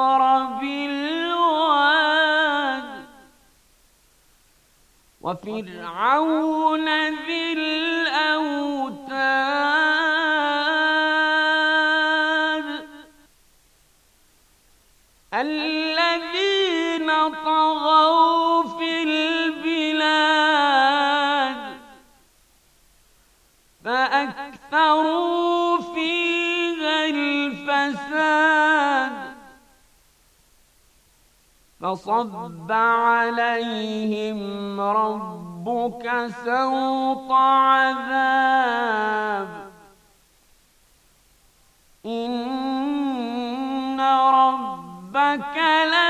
أقرب الواد وفرعون ذي الأوتاد فصب عليهم ربك سوط عذاب إن ربك لَا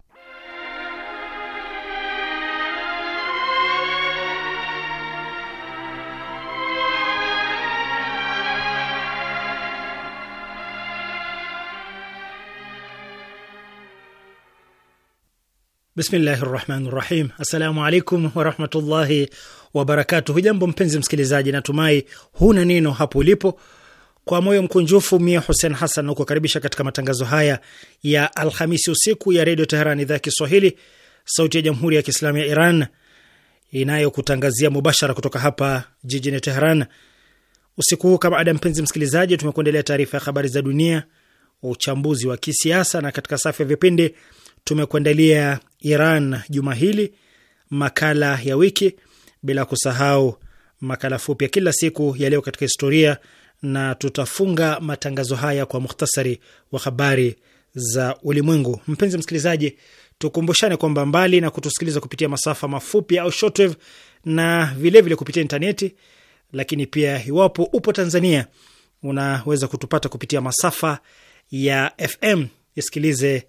Bismillahi rahmani rahim. Assalamu alaikum warahmatullahi wabarakatuh. Hujambo mpenzi msikilizaji, natumai huna neno hapo ulipo. Kwa moyo mkunjufu mie Hussein Hassan nakukaribisha katika matangazo haya ya Alhamisi usiku ya Redio Teheran, idhaa ya Kiswahili, sauti ya Jamhuri ya Kiislamu ya Iran inayokutangazia mubashara kutoka hapa jijini Teheran. Usiku huu kama ada, mpenzi msikilizaji, tumekuendelea taarifa ya habari za dunia, uchambuzi wa kisiasa, na katika safu ya vipindi tumekuandalia Iran juma hili, makala ya wiki, bila kusahau makala fupi ya kila siku ya leo katika historia, na tutafunga matangazo haya kwa muhtasari wa habari za ulimwengu. Mpenzi msikilizaji, tukumbushane kwamba mbali na kutusikiliza kupitia masafa mafupi au shortwave na vilevile vile kupitia intaneti, lakini pia iwapo upo Tanzania unaweza kutupata kupitia masafa ya FM. Isikilize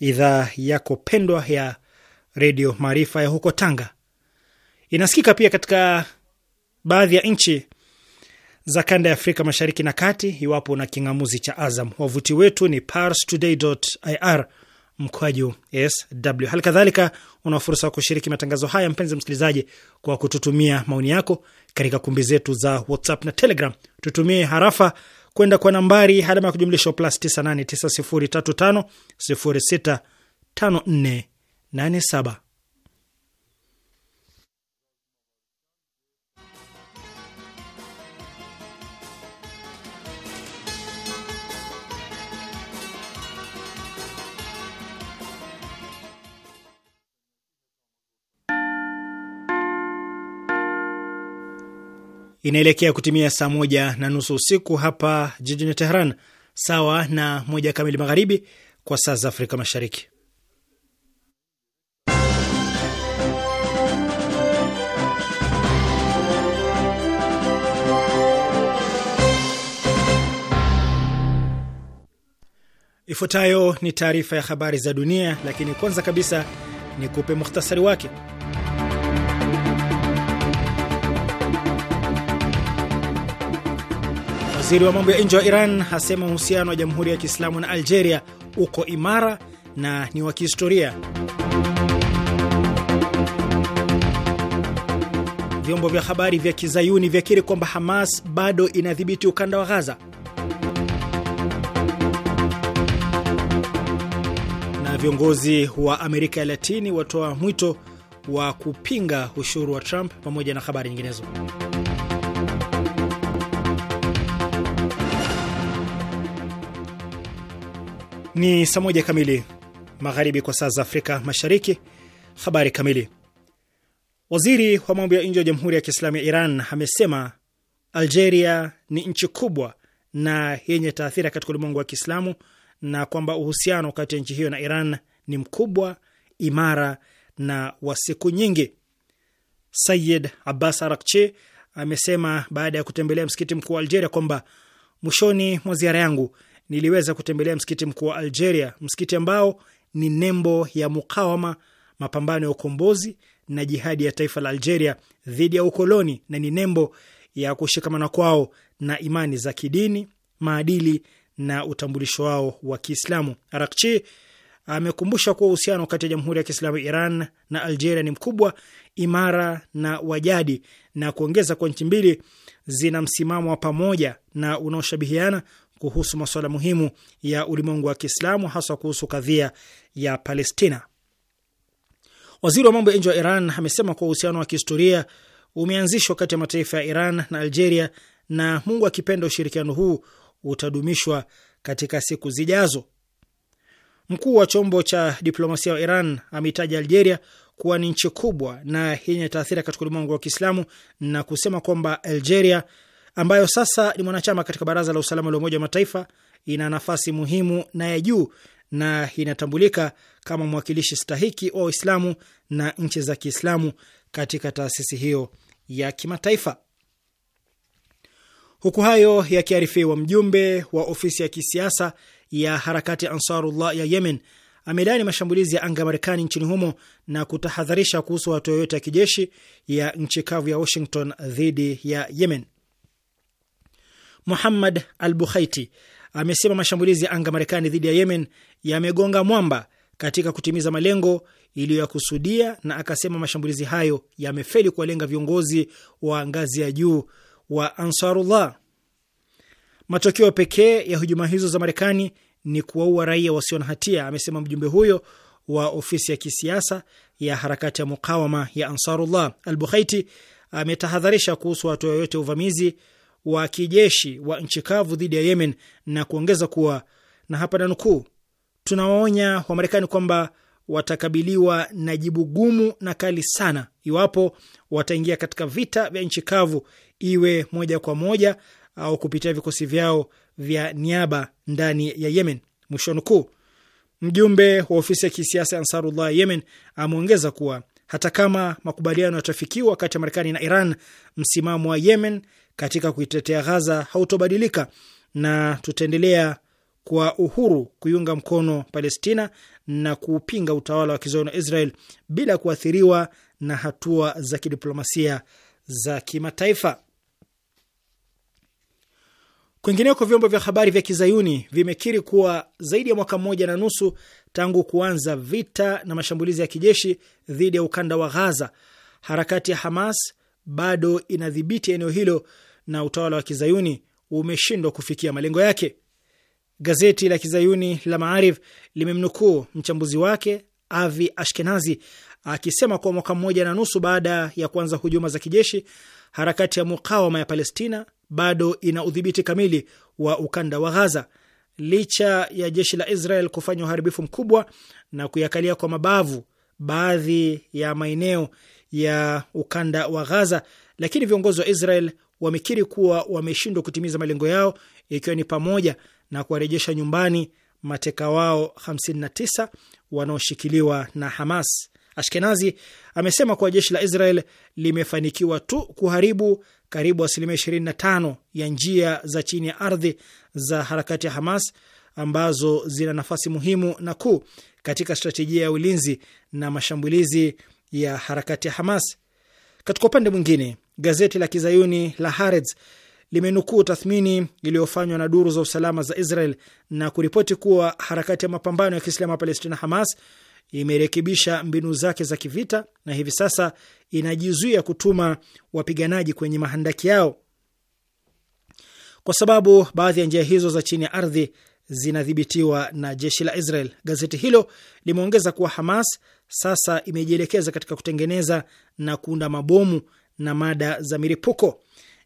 idhaa yako pendwa ya Redio Maarifa ya huko Tanga. Inasikika pia katika baadhi ya nchi za kanda ya Afrika Mashariki na Kati, iwapo na king'amuzi cha Azam. Wavuti wetu ni parstoday.ir mkwaju sw. Hali kadhalika una fursa wa kushiriki matangazo haya, mpenzi msikilizaji, kwa kututumia maoni yako katika kumbi zetu za WhatsApp na Telegram. Tutumie harafa kwenda kwa nambari alama ya kujumlisha plus 989035065487. inaelekea kutimia saa moja na nusu usiku hapa jijini Tehran, sawa na moja kamili magharibi kwa saa za Afrika Mashariki. Ifuatayo ni taarifa ya habari za dunia, lakini kwanza kabisa ni kupe muhtasari wake. Waziri wa mambo ya nje wa Iran asema uhusiano wa Jamhuri ya Kiislamu na Algeria uko imara na ni wa kihistoria. Vyombo vya habari vya kizayuni vyakiri kwamba Hamas bado inadhibiti ukanda wa Ghaza, na viongozi wa Amerika ya Latini watoa mwito wa kupinga ushuru wa Trump, pamoja na habari nyinginezo. Ni saa moja kamili magharibi kwa saa za Afrika Mashariki. Habari kamili. Waziri wa mambo ya nje wa Jamhuri ya Kiislamu ya Iran amesema Algeria ni nchi kubwa na yenye taathira katika ulimwengu wa Kiislamu na kwamba uhusiano kati ya nchi hiyo na Iran ni mkubwa, imara na wa siku nyingi. Sayid Abbas Arakchi amesema baada ya kutembelea msikiti mkuu wa Algeria kwamba mwishoni mwa ziara yangu niliweza kutembelea msikiti mkuu wa Algeria, msikiti ambao ni nembo ya mukawama, mapambano ya ukombozi na jihadi ya taifa la Algeria dhidi ya ukoloni, na ni nembo ya kushikamana kwao na imani za kidini, maadili na utambulisho wao wa Kiislamu. Arakchi amekumbusha kuwa uhusiano kati ya Jamhuri ya Kiislamu Iran na Algeria ni mkubwa, imara na wajadi, na kuongeza kwa nchi mbili zina msimamo wa pamoja na unaoshabihiana kuhusu masuala muhimu ya ulimwengu wa Kiislamu, hasa kuhusu kadhia ya Palestina. Waziri wa mambo ya nje wa Iran amesema kuwa uhusiano wa kihistoria umeanzishwa kati ya mataifa ya Iran na Algeria, na Mungu akipenda ushirikiano huu utadumishwa katika siku zijazo. Mkuu wa chombo cha diplomasia wa Iran ameitaja Algeria kuwa ni nchi kubwa na yenye taathira katika ulimwengu wa Kiislamu na kusema kwamba Algeria ambayo sasa ni mwanachama katika Baraza la Usalama la Umoja wa Mataifa, ina nafasi muhimu na ya juu na inatambulika kama mwakilishi stahiki wa Waislamu na nchi za Kiislamu katika taasisi hiyo ya kimataifa. Huku hayo yakiarifiwa, mjumbe wa ofisi ya kisiasa ya harakati Ansarullah ya Yemen amelaani mashambulizi ya anga ya Marekani nchini humo na kutahadharisha kuhusu hatua yoyote ya kijeshi ya nchi kavu ya Washington dhidi ya Yemen. Muhammad al Bukhaiti amesema mashambulizi ya anga Marekani dhidi ya Yemen yamegonga mwamba katika kutimiza malengo iliyoyakusudia, na akasema mashambulizi hayo yamefeli kuwalenga viongozi wa ngazi ya juu wa Ansarullah. Matokeo pekee ya hujuma hizo za Marekani ni kuwaua raia wasio na hatia, amesema mjumbe huyo wa ofisi ya kisiasa ya harakati ya mukawama ya Ansarullah. Al Bukhaiti ametahadharisha kuhusu hatua yoyote ya uvamizi wa kijeshi wa nchi kavu dhidi ya Yemen na kuongeza kuwa, na hapa na nukuu, tunawaonya Wamarekani kwamba watakabiliwa na jibu gumu na kali sana iwapo wataingia katika vita vya nchi kavu, iwe moja kwa moja au kupitia vikosi vyao vya niaba ndani ya Yemen, mwisho nukuu. Mjumbe wa ofisi ya kisiasa ya Ansarullah Yemen ameongeza kuwa hata kama makubaliano yatafikiwa kati ya Marekani na Iran, msimamo wa Yemen katika kuitetea Ghaza hautobadilika na tutaendelea kwa uhuru kuiunga mkono Palestina na kuupinga utawala wa kizayuni wa Israel bila kuathiriwa na hatua za kidiplomasia za kimataifa. Kwingineko, vyombo vya habari vya kizayuni vimekiri kuwa zaidi ya mwaka mmoja na nusu tangu kuanza vita na mashambulizi ya kijeshi dhidi ya ukanda wa Ghaza, harakati ya Hamas bado inadhibiti eneo hilo na utawala wa kizayuni umeshindwa kufikia malengo yake. Gazeti la kizayuni la Maarif limemnukuu mchambuzi wake Avi Ashkenazi akisema kuwa mwaka mmoja na nusu baada ya kuanza hujuma za kijeshi, harakati ya mukawama ya Palestina bado ina udhibiti kamili wa ukanda wa Ghaza licha ya jeshi la Israel kufanya uharibifu mkubwa na kuyakalia kwa mabavu baadhi ya maeneo ya ukanda wa Ghaza, lakini viongozi wa Israel wamekiri kuwa wameshindwa kutimiza malengo yao ikiwa ni pamoja na kuwarejesha nyumbani mateka wao 59 wanaoshikiliwa na Hamas. Ashkenazi amesema kuwa jeshi la Israel limefanikiwa tu kuharibu karibu asilimia 25 ya njia za chini ya ardhi za harakati ya Hamas ambazo zina nafasi muhimu na kuu katika stratejia ya ulinzi na mashambulizi ya harakati ya Hamas. Katika upande mwingine, gazeti la kizayuni la Haaretz limenukuu tathmini iliyofanywa na duru za usalama za Israel na kuripoti kuwa harakati ya mapambano ya Kiislamu ya Palestina, Hamas, imerekebisha mbinu zake za kivita na hivi sasa inajizuia kutuma wapiganaji kwenye mahandaki yao kwa sababu baadhi ya njia hizo za chini ya ardhi zinadhibitiwa na jeshi la Israel. Gazeti hilo limeongeza kuwa Hamas sasa imejielekeza katika kutengeneza na kuunda mabomu na mada za milipuko.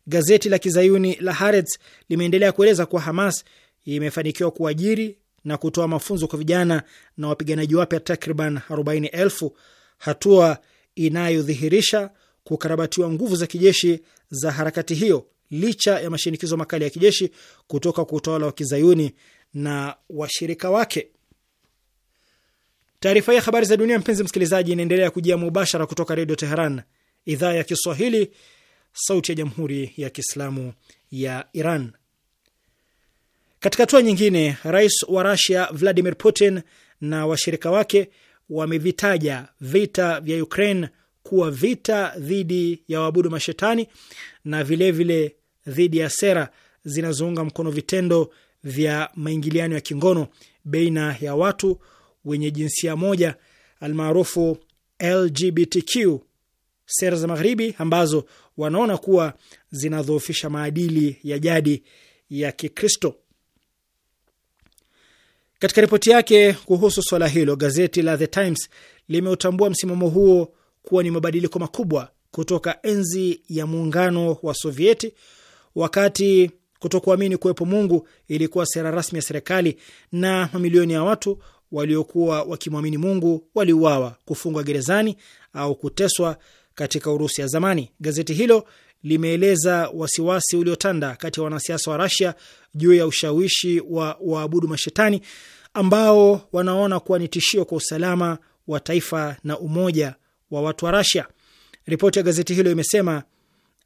Gazeti la kizayuni la Haaretz limeendelea kueleza kuwa Hamas imefanikiwa kuajiri na kutoa mafunzo kwa vijana na wapiganaji wapya takriban 40,000, hatua inayodhihirisha kukarabatiwa nguvu za kijeshi za harakati hiyo licha ya mashinikizo makali ya kijeshi kutoka kwa utawala wa kizayuni na washirika wake. Taarifa ya habari za dunia, mpenzi msikilizaji, inaendelea kujia mubashara kutoka Redio Teheran, idhaa ya Kiswahili, sauti ya Jamhuri ya Kiislamu ya Iran. Katika hatua nyingine, rais wa Rusia Vladimir Putin na washirika wake wamevitaja vita vya Ukraine kuwa vita dhidi ya waabudu mashetani na vilevile dhidi ya sera zinazounga mkono vitendo vya maingiliano ya kingono baina ya watu wenye jinsia moja almaarufu LGBTQ sera za Magharibi ambazo wanaona kuwa zinadhoofisha maadili ya jadi ya Kikristo. Katika ripoti yake kuhusu swala hilo, gazeti la The Times limeutambua msimamo huo kuwa ni mabadiliko makubwa kutoka enzi ya muungano wa Sovieti, wakati kutokuamini kuwepo Mungu ilikuwa sera rasmi ya serikali na mamilioni ya watu waliokuwa wakimwamini Mungu waliuawa, kufungwa gerezani au kuteswa katika Urusi ya zamani. Gazeti hilo limeeleza wasiwasi uliotanda kati ya wanasiasa wa Rasia juu ya ushawishi wa waabudu mashetani ambao wanaona kuwa ni tishio kwa usalama wa taifa na umoja wa watu wa Rasia. Ripoti ya gazeti hilo imesema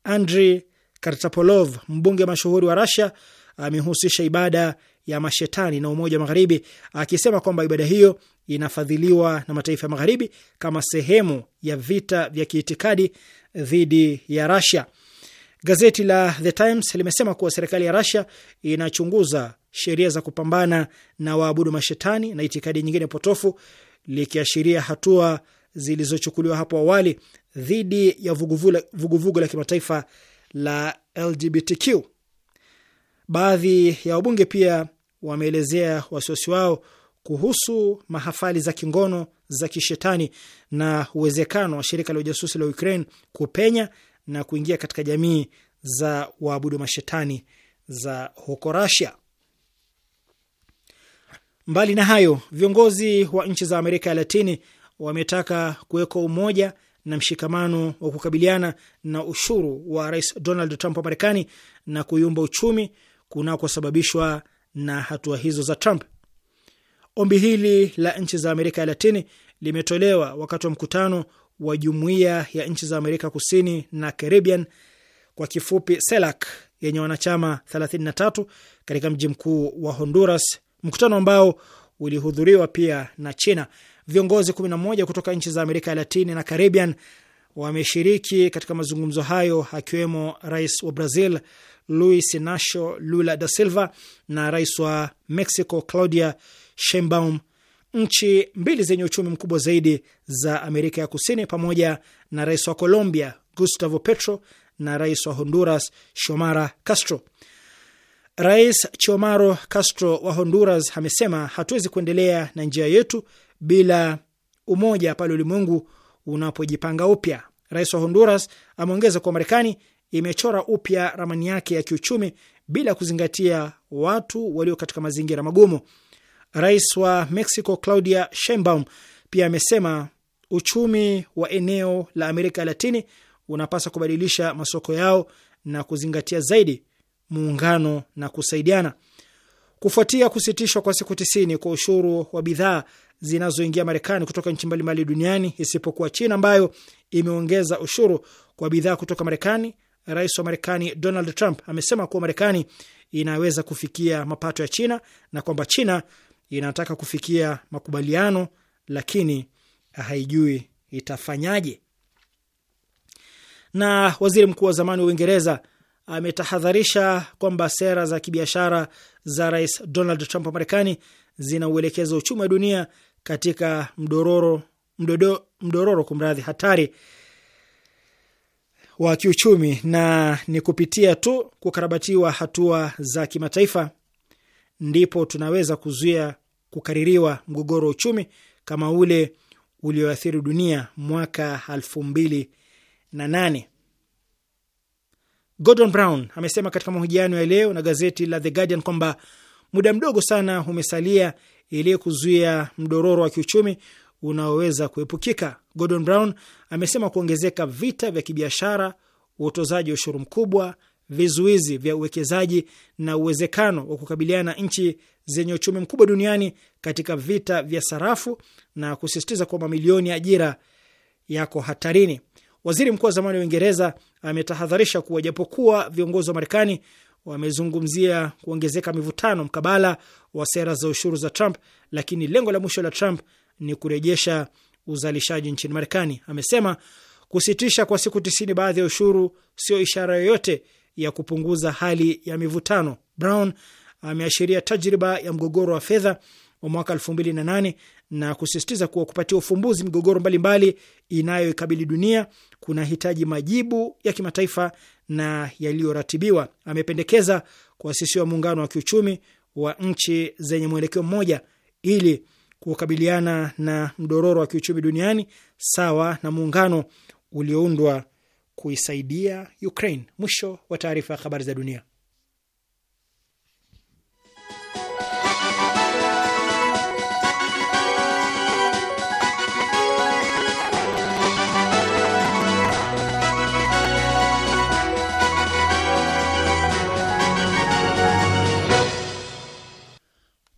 Andri Kartapolov, mbunge mashuhuri wa Rasia, amehusisha ibada ya mashetani na umoja wa Magharibi, akisema kwamba ibada hiyo inafadhiliwa na mataifa ya Magharibi kama sehemu ya vita vya kiitikadi dhidi ya Rasia. Gazeti la The Times limesema kuwa serikali ya Rasia inachunguza sheria za kupambana na waabudu mashetani na itikadi nyingine potofu, likiashiria hatua zilizochukuliwa hapo awali dhidi ya vuguvugu la kimataifa la LGBTQ. Baadhi ya wabunge pia wameelezea wasiwasi wao kuhusu mahafali za kingono za kishetani na uwezekano wa shirika la ujasusi la Ukraine kupenya na kuingia katika jamii za waabudu mashetani za huko rasia Mbali na hayo, viongozi wa nchi za Amerika ya Latini wametaka kuwekwa umoja na mshikamano wa kukabiliana na ushuru wa Rais Donald Trump wa Marekani na kuyumba uchumi kunakosababishwa na hatua hizo za Trump. Ombi hili la nchi za Amerika ya Latini limetolewa wakati wa mkutano wa Jumuiya ya Nchi za Amerika Kusini na Caribbean, kwa kifupi CELAC, e yenye wanachama 33 katika mji mkuu wa Honduras, mkutano ambao ulihudhuriwa pia na China. Viongozi 11 kutoka nchi za Amerika ya Latini na Caribbean wameshiriki katika mazungumzo hayo, akiwemo rais wa Brazil Luis Inacio Lula da Silva na rais wa Mexico Claudia Sheinbaum, nchi mbili zenye uchumi mkubwa zaidi za Amerika ya Kusini, pamoja na rais wa Colombia Gustavo Petro na rais wa Honduras Xiomara Castro. Rais Chiomaro Castro wa Honduras amesema hatuwezi kuendelea na njia yetu bila umoja pale ulimwengu unapojipanga upya. Rais wa Honduras ameongeza kuwa Marekani imechora upya ramani yake ya kiuchumi bila kuzingatia watu walio katika mazingira magumu. Rais wa Mexico Claudia Sheinbaum pia amesema uchumi wa eneo la Amerika ya Latini unapaswa kubadilisha masoko yao na kuzingatia zaidi muungano na kusaidiana. Kufuatia kusitishwa kwa siku tisini kwa ushuru wa bidhaa zinazoingia Marekani kutoka nchi mbalimbali duniani isipokuwa China ambayo imeongeza ushuru kwa bidhaa kutoka Marekani rais wa Marekani Donald Trump amesema kuwa Marekani inaweza kufikia mapato ya China na kwamba China inataka kufikia makubaliano lakini haijui itafanyaje. Na waziri mkuu wa zamani wa Uingereza ametahadharisha kwamba sera za kibiashara za rais Donald Trump wa Marekani zinauelekeza uchumi wa dunia katika mdororo, mdodo, mdororo kumradhi, hatari wa kiuchumi, na ni kupitia tu kukarabatiwa hatua za kimataifa ndipo tunaweza kuzuia kukaririwa mgogoro wa uchumi kama ule ulioathiri dunia mwaka elfu mbili na nane. Gordon Brown amesema katika mahojiano ya leo na gazeti la The Guardian kwamba muda mdogo sana umesalia ili kuzuia mdororo wa kiuchumi unaoweza kuepukika. Gordon Brown amesema kuongezeka vita vya kibiashara, utozaji wa ushuru mkubwa, vizuizi vya uwekezaji na uwezekano wa kukabiliana nchi zenye uchumi mkubwa duniani katika vita vya sarafu na kusisitiza kwa mamilioni ya ajira yako hatarini. Waziri mkuu wa zamani wa Uingereza ametahadharisha kuwa japokuwa viongozi wa Marekani wamezungumzia kuongezeka mivutano mkabala wa sera za ushuru za Trump, lakini lengo la mwisho la Trump ni kurejesha uzalishaji nchini Marekani. Amesema kusitisha kwa siku tisini baadhi ya ushuru sio ishara yoyote ya kupunguza hali ya mivutano. Brown ameashiria tajriba ya mgogoro wa fedha wa mwaka elfu mbili na nane na kusisitiza kuwa kupatia ufumbuzi migogoro mbalimbali inayoikabili dunia kuna hitaji majibu ya kimataifa na yaliyoratibiwa. Amependekeza kuasisiwa muungano wa kiuchumi wa nchi zenye mwelekeo mmoja ili kukabiliana na mdororo wa kiuchumi duniani sawa na muungano ulioundwa kuisaidia Ukraine. Mwisho wa taarifa ya habari za dunia.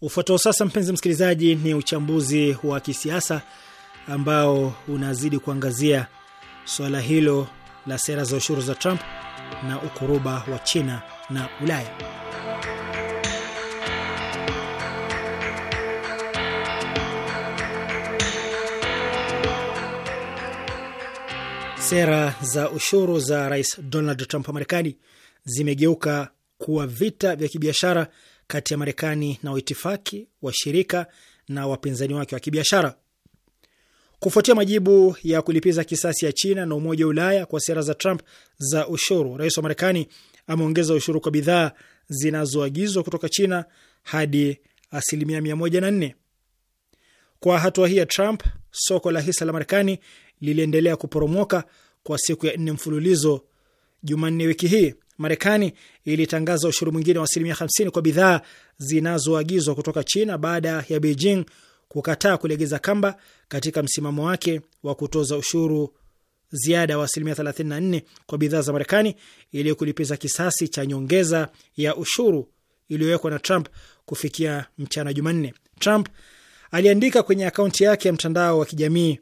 Ufuatao sasa, mpenzi msikilizaji, ni uchambuzi wa kisiasa ambao unazidi kuangazia swala hilo la sera za ushuru za Trump na ukuruba wa China na Ulaya. Sera za ushuru za Rais Donald Trump wa Marekani zimegeuka kuwa vita vya kibiashara kati ya Marekani na waitifaki washirika na wapinzani wake wa kibiashara. Kufuatia majibu ya kulipiza kisasi ya China na Umoja wa Ulaya kwa sera za Trump za ushuru, rais wa Marekani ameongeza ushuru kwa bidhaa zinazoagizwa kutoka China hadi asilimia nne. Kwa hatua hii ya Trump, soko la hisa la Marekani liliendelea kuporomoka kwa siku ya nne mfululizo Jumanne wiki hii Marekani ilitangaza ushuru mwingine wa asilimia 50 kwa bidhaa zinazoagizwa kutoka China baada ya Beijing kukataa kulegeza kamba katika msimamo wake wa kutoza ushuru ziada wa asilimia 34 kwa bidhaa za Marekani ili kulipiza kisasi cha nyongeza ya ushuru iliyowekwa na Trump kufikia mchana Jumanne. Trump aliandika kwenye akaunti yake ya mtandao wa kijamii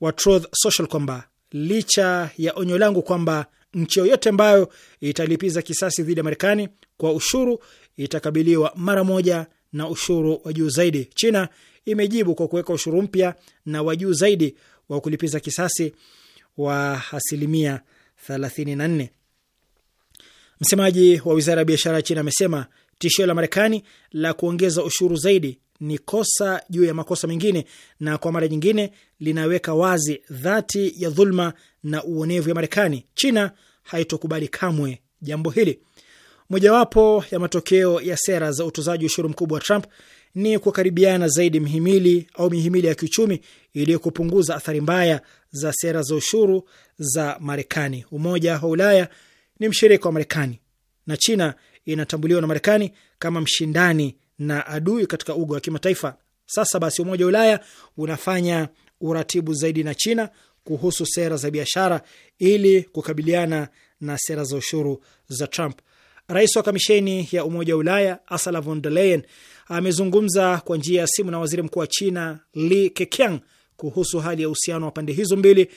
wa Truth Social kwamba licha ya onyo langu kwamba nchi yoyote ambayo italipiza kisasi dhidi ya Marekani kwa ushuru itakabiliwa mara moja na ushuru wa juu zaidi. China imejibu kwa kuweka ushuru mpya na wa juu zaidi wa kulipiza kisasi wa asilimia 34. Msemaji wa wizara ya biashara ya China amesema tishio la Marekani la kuongeza ushuru zaidi ni kosa juu ya makosa mengine, na kwa mara nyingine linaweka wazi dhati ya dhulma na uonevu ya Marekani. China haitokubali kamwe jambo hili. Mojawapo ya matokeo ya sera za utozaji ushuru mkubwa wa Trump ni kukaribiana zaidi mhimili au mihimili ya kiuchumi iliyokupunguza athari mbaya za sera za ushuru za Marekani. Umoja wa Ulaya ni mshirika wa Marekani na China inatambuliwa na Marekani kama mshindani na adui katika uga wa kimataifa. Sasa basi, Umoja wa Ulaya unafanya uratibu zaidi na China kuhusu sera za biashara ili kukabiliana na sera za ushuru za Trump. Rais wa Kamisheni ya Umoja wa Ulaya Ursula von der Leyen amezungumza kwa njia ya simu na waziri mkuu wa China Li Keqiang kuhusu hali ya uhusiano wa pande hizo mbili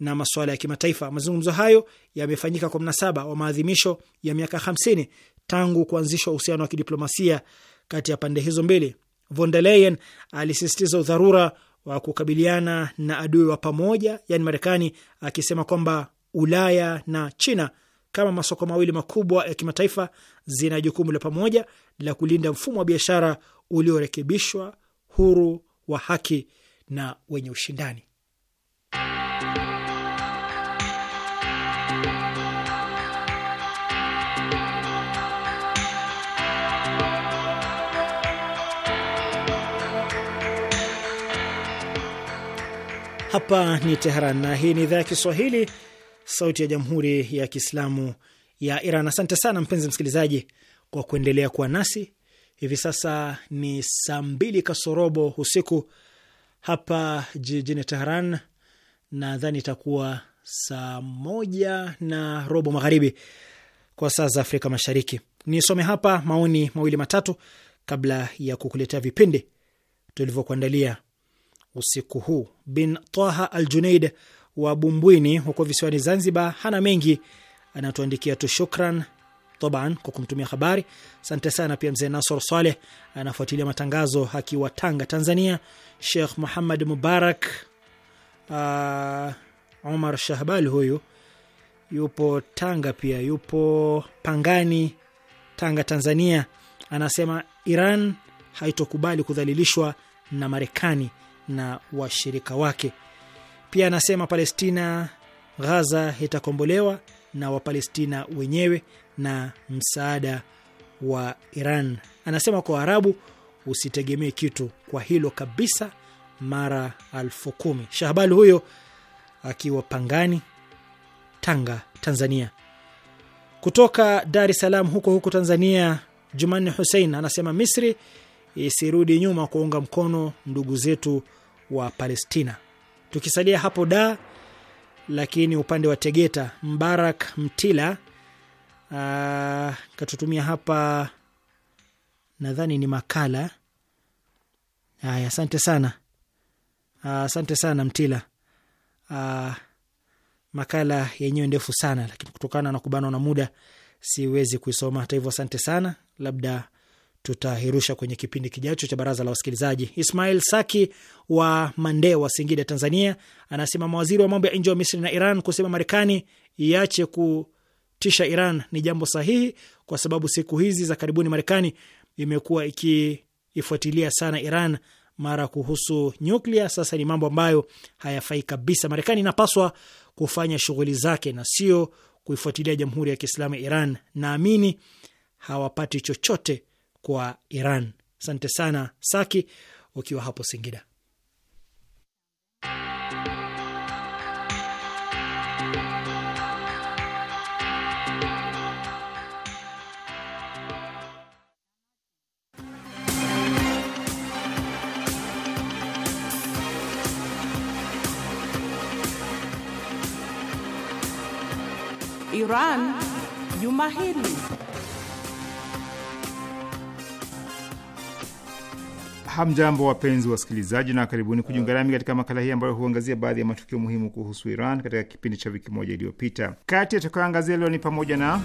na masuala ya kimataifa. Mazungumzo hayo yamefanyika kwa mnasaba wa maadhimisho ya miaka 50 tangu kuanzishwa uhusiano wa kidiplomasia kati ya pande hizo mbili. Von der Leyen alisisitiza udharura wa kukabiliana na adui wa pamoja, yaani Marekani, akisema kwamba Ulaya na China kama masoko mawili makubwa ya kimataifa zina jukumu la pamoja la kulinda mfumo wa biashara uliorekebishwa, huru, wa haki na wenye ushindani. Hapa ni Teheran na hii ni idhaa ya Kiswahili, sauti ya jamhuri ya kiislamu ya Iran. Asante sana mpenzi msikilizaji kwa kuendelea kuwa nasi. Hivi sasa ni saa mbili kasorobo usiku hapa jijini Teheran, nadhani itakuwa saa moja na robo magharibi kwa saa za Afrika Mashariki. Nisome hapa maoni mawili matatu kabla ya kukuletea vipindi tulivyokuandalia usiku huu. Bin Taha Al Junaid wa Bumbwini huko visiwani Zanzibar hana mengi, anatuandikia tu shukran toban kwa kumtumia habari. Asante sana pia mzee Nasor Saleh anafuatilia matangazo akiwa Tanga, Tanzania. Sheikh Muhammad Mubarak uh, Omar Shahbal huyu yupo Tanga pia yupo Pangani, Tanga, Tanzania, anasema Iran haitokubali kudhalilishwa na Marekani na washirika wake. Pia anasema Palestina, Ghaza itakombolewa na Wapalestina wenyewe na msaada wa Iran. Anasema kwa Waarabu usitegemee kitu kwa hilo kabisa, mara alfu kumi. Shahbal huyo akiwa Pangani, Tanga, Tanzania. Kutoka Dar es Salaam huko huko Tanzania, Jumanne Hussein anasema Misri isirudi nyuma kuunga mkono ndugu zetu wa Palestina. Tukisalia hapo da, lakini upande wa Tegeta, Mbarak Mtila ah, katutumia hapa, nadhani ni makala haya. Asante sana, ah, asante sana Mtila. Aa, ah, makala yenyewe ndefu sana, lakini kutokana na kubanwa na muda siwezi kuisoma. Hata hivyo, asante sana, labda tutahirusha kwenye kipindi kijacho cha baraza la wasikilizaji. Ismail Saki wa mande wa Singida, Tanzania, anasema mawaziri wa mambo ya nje wa Misri na Iran kusema Marekani iache kutisha Iran ni jambo sahihi, kwa sababu siku hizi za karibuni Marekani imekuwa ikiifuatilia sana Iran mara kuhusu nyuklia. Sasa ni mambo ambayo hayafai kabisa. Marekani inapaswa kufanya shughuli zake na sio kuifuatilia Jamhuri ya Kiislamu ya Iran. Naamini hawapati chochote kwa Iran. Asante sana Saki, ukiwa hapo Singida. Iran juma hili Hamjambo, wapenzi wasikilizaji, na karibuni kujiunga nami katika makala hii ambayo huangazia baadhi ya matukio muhimu kuhusu Iran katika kipindi cha wiki moja iliyopita. Kati yatakayoangazia leo ni pamoja na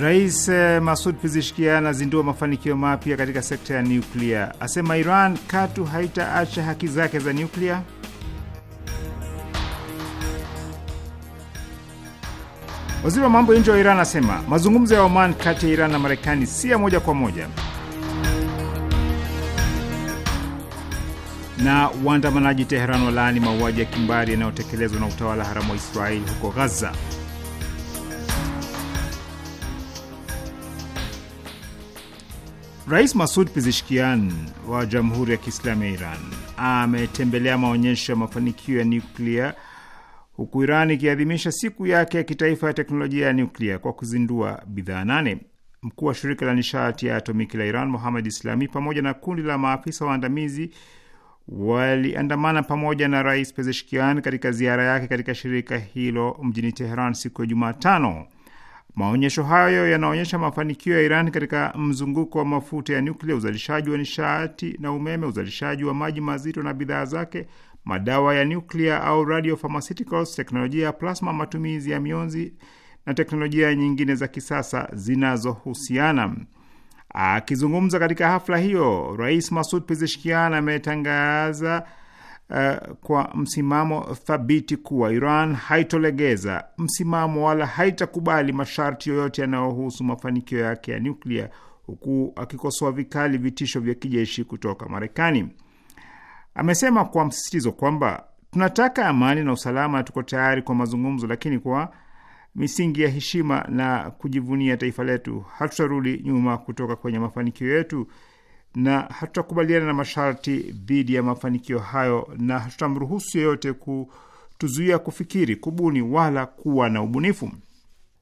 Rais eh, Masud Pizishkia anazindua mafanikio mapya katika sekta ya nyuklia, asema Iran katu haitaacha haki zake za nyuklia. Waziri wa mambo ya nje wa Iran asema mazungumzo ya Oman kati ya Iran na Marekani si ya moja kwa moja. na waandamanaji Teheran walaani mauaji ya kimbari yanayotekelezwa na utawala haramu wa Israeli huko Ghaza. Rais Masud Pizishkian wa Jamhuri ya Kiislamu ya Iran ametembelea maonyesho ya mafanikio ya nyuklia huku Iran ikiadhimisha siku yake ya kitaifa ya teknolojia ya nyuklia kwa kuzindua bidhaa nane. Mkuu wa shirika la nishati ya atomiki la Iran Mohamed Islami pamoja na kundi la maafisa waandamizi waliandamana pamoja na rais Pezeshkian katika ziara yake katika shirika hilo mjini Teheran siku ya Jumatano. Maonyesho hayo yanaonyesha mafanikio ya Iran katika mzunguko wa mafuta ya nyuklia, uzalishaji wa nishati na umeme, uzalishaji wa maji mazito na bidhaa zake, madawa ya nyuklia au radio pharmaceuticals, teknolojia ya plasma, matumizi ya mionzi na teknolojia nyingine za kisasa zinazohusiana Akizungumza katika hafla hiyo, Rais Masud Pezeshkian ametangaza uh, kwa msimamo thabiti kuwa Iran haitolegeza msimamo wala haitakubali masharti yoyote yanayohusu mafanikio yake ya nyuklia, huku akikosoa vikali vitisho vya kijeshi kutoka Marekani. Amesema kwa msisitizo kwamba tunataka amani na usalama, tuko tayari kwa mazungumzo, lakini kwa misingi ya heshima na kujivunia taifa letu. Hatutarudi nyuma kutoka kwenye mafanikio yetu na hatutakubaliana na masharti dhidi ya mafanikio hayo, na hatutamruhusu yeyote kutuzuia kufikiri, kubuni wala kuwa na ubunifu.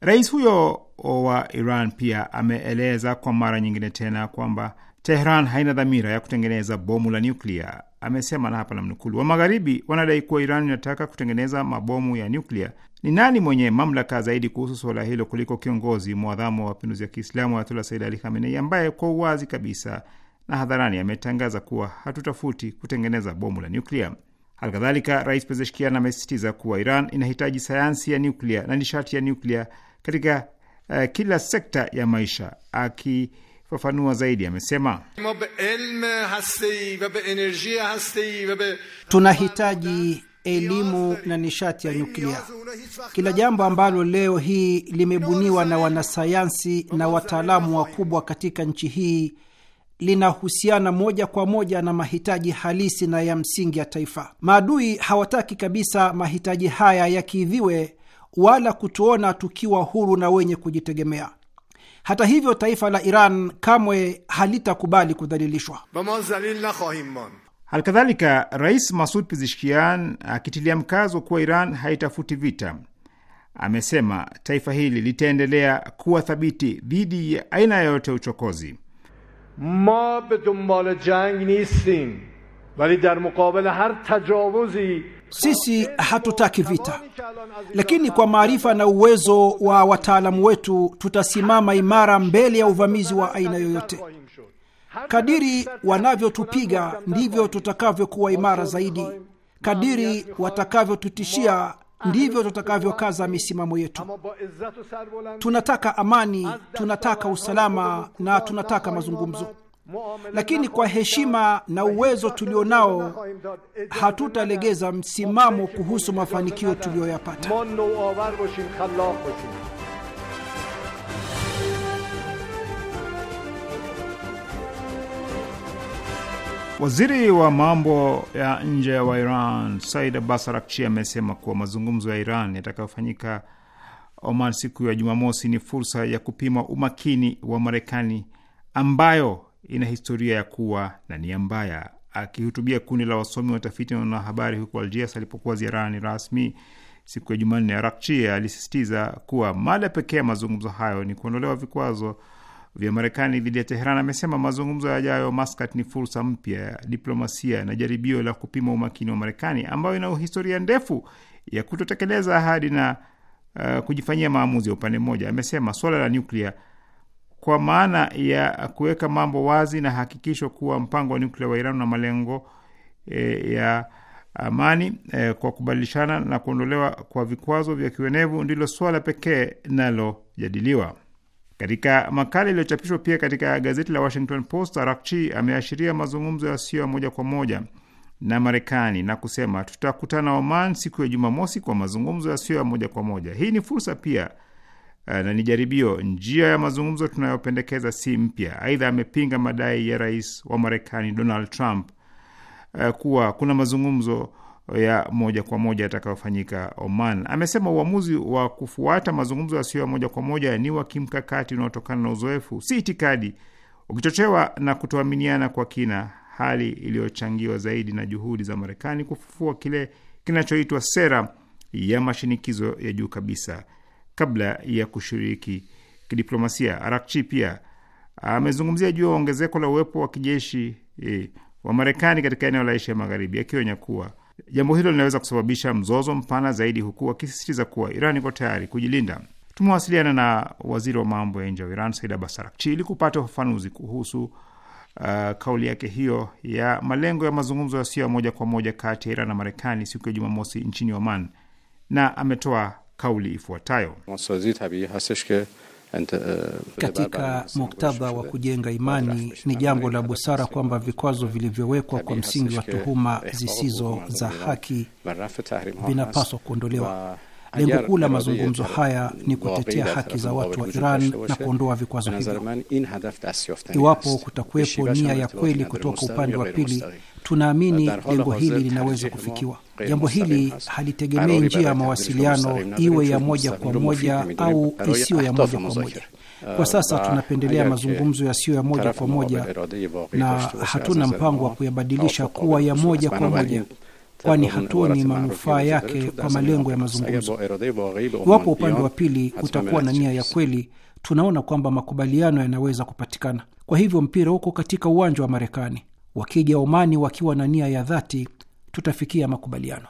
Rais huyo wa Iran pia ameeleza kwa mara nyingine tena kwamba Tehran haina dhamira ya kutengeneza bomu la nyuklia, amesema, na hapa namnukulu: wa magharibi wanadai kuwa Iran inataka kutengeneza mabomu ya nyuklia. Ni nani mwenye mamlaka zaidi kuhusu suala hilo kuliko kiongozi mwadhamu wa mapinduzi ya Kiislamu Ayatullah Sayyid Ali Khamenei, ambaye kwa uwazi kabisa na hadharani ametangaza kuwa hatutafuti kutengeneza bomu la nyuklia. Halikadhalika, Rais Pezeshkian amesisitiza kuwa Iran inahitaji sayansi ya nyuklia na nishati ya nyuklia katika uh, kila sekta ya maisha aki Fafanua zaidi amesema, tunahitaji elimu na nishati ya nyuklia. Kila jambo ambalo leo hii limebuniwa na wanasayansi na wataalamu wakubwa katika nchi hii linahusiana moja kwa moja na mahitaji halisi na ya msingi ya taifa. Maadui hawataki kabisa mahitaji haya yakidhiwe, wala kutuona tukiwa huru na wenye kujitegemea. Hata hivyo, taifa la Iran kamwe halitakubali kudhalilishwa. Halikadhalika, Rais Masud pizishkian akitilia mkazo kuwa Iran haitafuti vita, amesema taifa hili litaendelea kuwa thabiti dhidi ya aina yoyote ya uchokozi. ma be jang nistim wali dar muqabale har tajawuzi sisi hatutaki vita, lakini kwa maarifa na uwezo wa wataalamu wetu tutasimama imara mbele ya uvamizi wa aina yoyote. Kadiri wanavyotupiga ndivyo tutakavyokuwa imara zaidi. Kadiri watakavyotutishia ndivyo tutakavyokaza misimamo yetu. Tunataka amani, tunataka usalama na tunataka mazungumzo lakini kwa heshima na uwezo tulio nao hatutalegeza msimamo kuhusu mafanikio tuliyoyapata. Waziri wa mambo ya nje wa Iran Said Abbas amesema kuwa mazungumzo ya Iran yatakayofanyika Oman siku ya Jumamosi ni fursa ya kupima umakini wa Marekani ambayo ina historia ya kuwa na nia mbaya. Akihutubia kundi la wasomi, watafiti na wanahabari huko Algiers alipokuwa ziarani rasmi siku ya Jumanne, Arakchi alisisitiza kuwa mada pekee ya mazungumzo hayo ni kuondolewa vikwazo vya Marekani dhidi ya Teheran. Amesema mazungumzo yajayo Maskat ni fursa mpya ya diplomasia na jaribio la kupima umakini wa Marekani ambayo ina historia ndefu ya kutotekeleza ahadi na uh, kujifanyia maamuzi ya upande mmoja. Amesema suala la nyuklia kwa maana ya kuweka mambo wazi na hakikisho kuwa mpango wa nyuklia wa Iran na malengo e, ya amani e, kwa kubadilishana na kuondolewa kwa vikwazo vya kiwenevu ndilo suala pekee linalojadiliwa. Katika makala iliyochapishwa pia katika gazeti la Washington Post, Arakchi ameashiria mazungumzo yasiyo ya moja kwa moja na Marekani na kusema tutakutana Oman siku ya Jumamosi kwa mazungumzo yasiyo ya moja kwa moja. Hii ni fursa pia Eh, na ni jaribio. Njia ya mazungumzo tunayopendekeza si mpya. Aidha, amepinga madai ya rais wa Marekani Donald Trump eh, kuwa kuna mazungumzo ya moja kwa moja yatakayofanyika Oman. Amesema uamuzi wa kufuata mazungumzo yasiyo ya moja kwa moja ni wa kimkakati unaotokana na uzoefu, si itikadi, ukichochewa na kutoaminiana kwa kina, hali iliyochangiwa zaidi na juhudi za Marekani kufufua kile kinachoitwa sera ya mashinikizo ya juu kabisa kabla ya kushiriki kidiplomasia. Arakchi pia amezungumzia juu ya ongezeko la uwepo wa kijeshi e, wa Marekani katika eneo la Asia Magharibi, akionya kuwa jambo hilo linaweza kusababisha mzozo mpana zaidi, huku akisisitiza kuwa Iran iko tayari kujilinda. Tumewasiliana na waziri wa mambo ya nje wa Iran Said Abbas Arakchi ili kupata ufafanuzi kuhusu uh, kauli yake hiyo ya malengo ya mazungumzo yasiyo ya moja kwa moja kati ya Iran na Marekani siku ya Jumamosi nchini Oman, na ametoa kauli ifuatayo: katika muktadha wa kujenga imani, ni jambo la busara kwamba vikwazo vilivyowekwa kwa msingi wa tuhuma zisizo za haki vinapaswa kuondolewa. Lengo kuu la mazungumzo haya ni kutetea haki za watu wa Iran na kuondoa vikwazo hivyo. Iwapo kutakuwepo nia ya kweli kutoka upande wa pili, tunaamini lengo hili linaweza kufikiwa. Jambo hili halitegemei njia ya mawasiliano iwe ya moja kwa moja au isiyo ya moja kwa moja. Kwa sasa tunapendelea mazungumzo yasiyo ya moja kwa moja, na hatuna mpango wa kuyabadilisha kuwa ya moja kwa moja kwani hatuoni manufaa yake kwa malengo ya mazungumzo. Iwapo upande wa pili utakuwa na nia ya kweli, tunaona kwamba makubaliano yanaweza kupatikana. Kwa hivyo mpira uko katika uwanja wa Marekani. Wakija Omani wakiwa na nia ya dhati, tutafikia makubaliano.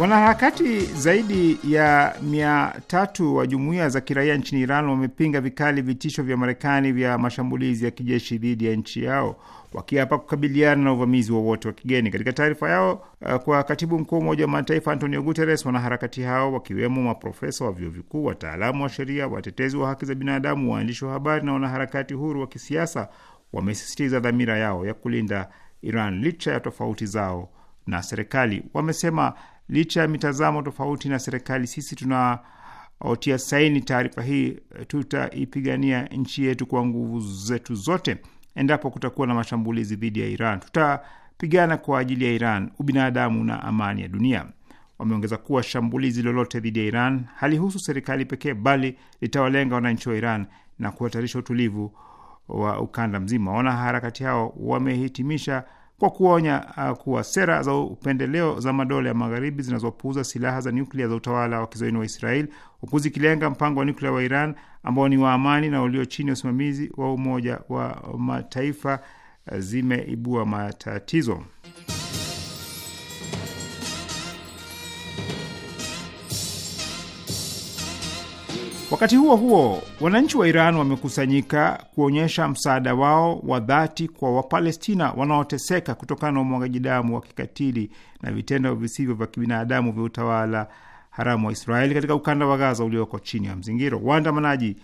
Wanaharakati zaidi ya mia tatu wa jumuiya za kiraia nchini Iran wamepinga vikali vitisho vya Marekani vya mashambulizi ya kijeshi dhidi ya nchi yao wakiapa kukabiliana na uvamizi wowote wa, wa kigeni. Katika taarifa yao uh, kwa katibu mkuu wa Umoja wa Mataifa Antonio Guterres, wanaharakati hao wakiwemo maprofesa wa vyuo vikuu, wataalamu wa sheria, watetezi wa haki za binadamu, waandishi wa habari na wanaharakati huru wa kisiasa wamesisitiza dhamira yao ya kulinda Iran licha ya tofauti zao na serikali. Wamesema licha ya mitazamo tofauti na serikali, sisi tunaotia saini taarifa hii eh, tutaipigania nchi yetu kwa nguvu zetu zote. Endapo kutakuwa na mashambulizi dhidi ya Iran, tutapigana kwa ajili ya Iran, ubinadamu na amani ya dunia. Wameongeza kuwa shambulizi lolote dhidi ya Iran halihusu serikali pekee, bali litawalenga wananchi wa Iran na kuhatarisha utulivu wa ukanda mzima. Wanaharakati hao wamehitimisha kwa kuonya uh, kuwa sera za upendeleo za madola ya magharibi zinazopuuza silaha za nyuklia za utawala wa kizoeni wa Israel huku zikilenga mpango wa nyuklia wa Iran ambao ni wa amani na ulio chini ya usimamizi wa Umoja wa Mataifa uh, zimeibua matatizo. Wakati huo huo, wananchi wa Iran wamekusanyika kuonyesha msaada wao wa dhati kwa Wapalestina wanaoteseka kutokana na umwagaji damu wa kikatili na vitendo visivyo vya kibinadamu vya utawala haramu wa Israeli katika ukanda wa Gaza ulioko chini ya mzingiro. Waandamanaji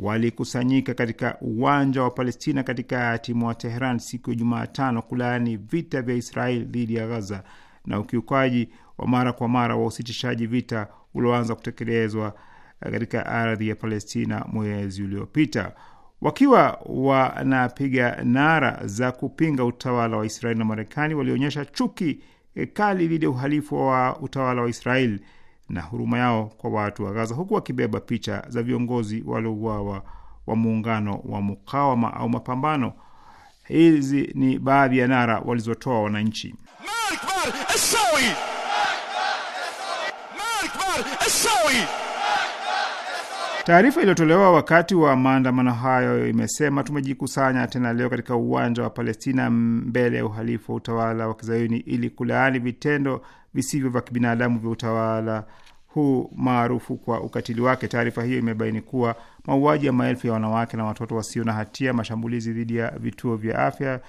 walikusanyika katika uwanja wa Palestina katika timu wa Teheran siku ya Jumatano kulaani vita vya Israeli dhidi ya Gaza na ukiukaji wa mara kwa mara wa usitishaji vita ulioanza kutekelezwa katika ardhi ya Palestina mwezi uliopita. Wakiwa wanapiga nara za kupinga utawala wa Israeli na Marekani, walionyesha chuki kali dhidi ya uhalifu wa utawala wa Israeli na huruma yao kwa watu wa Gaza, huku wakibeba picha za viongozi waliouawa wa muungano wa mukawama au mapambano. Hizi ni baadhi ya nara walizotoa wananchi. Taarifa iliyotolewa wakati wa maandamano hayo imesema tumejikusanya tena leo katika uwanja wa Palestina mbele ya uhalifu wa utawala wa kizayuni ili kulaani vitendo visivyo vya kibinadamu vya utawala huu maarufu kwa ukatili wake. Taarifa hiyo imebaini kuwa mauaji ya maelfu ya wanawake na watoto wasio na hatia, mashambulizi dhidi ya vituo vya afya